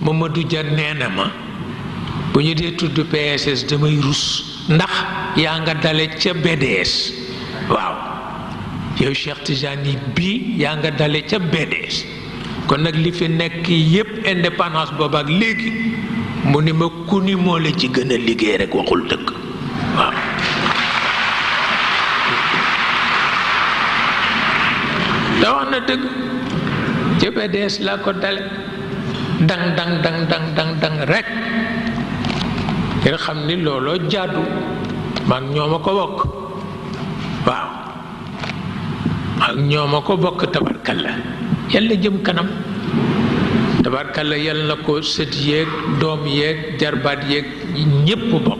Mamadou Dia nee na ma bu ñu dee tudd PSS damay rus ndax yaa nga dale ca BDS waaw yow Cheikh Tijani bii yaa nga dale ca BDS kon nag li fi nekk yépp indépendance boobu ak léegi mu ni ma ku ni moo la ci gën a liggéey rekk waxul dëgg waaw te wax na dëgg ca BDS laa ko dale dang dang dang dang dang rekk rek ngeen xam ni looloo jàddu maag ñoo ma ko bokk waaw maag ñoo ma ko bokk tabarkalla yàlla jëm kanam tabarkalla yàlla na ko sët yéeg doom yéeg jarbaat yéeg ñépp bokk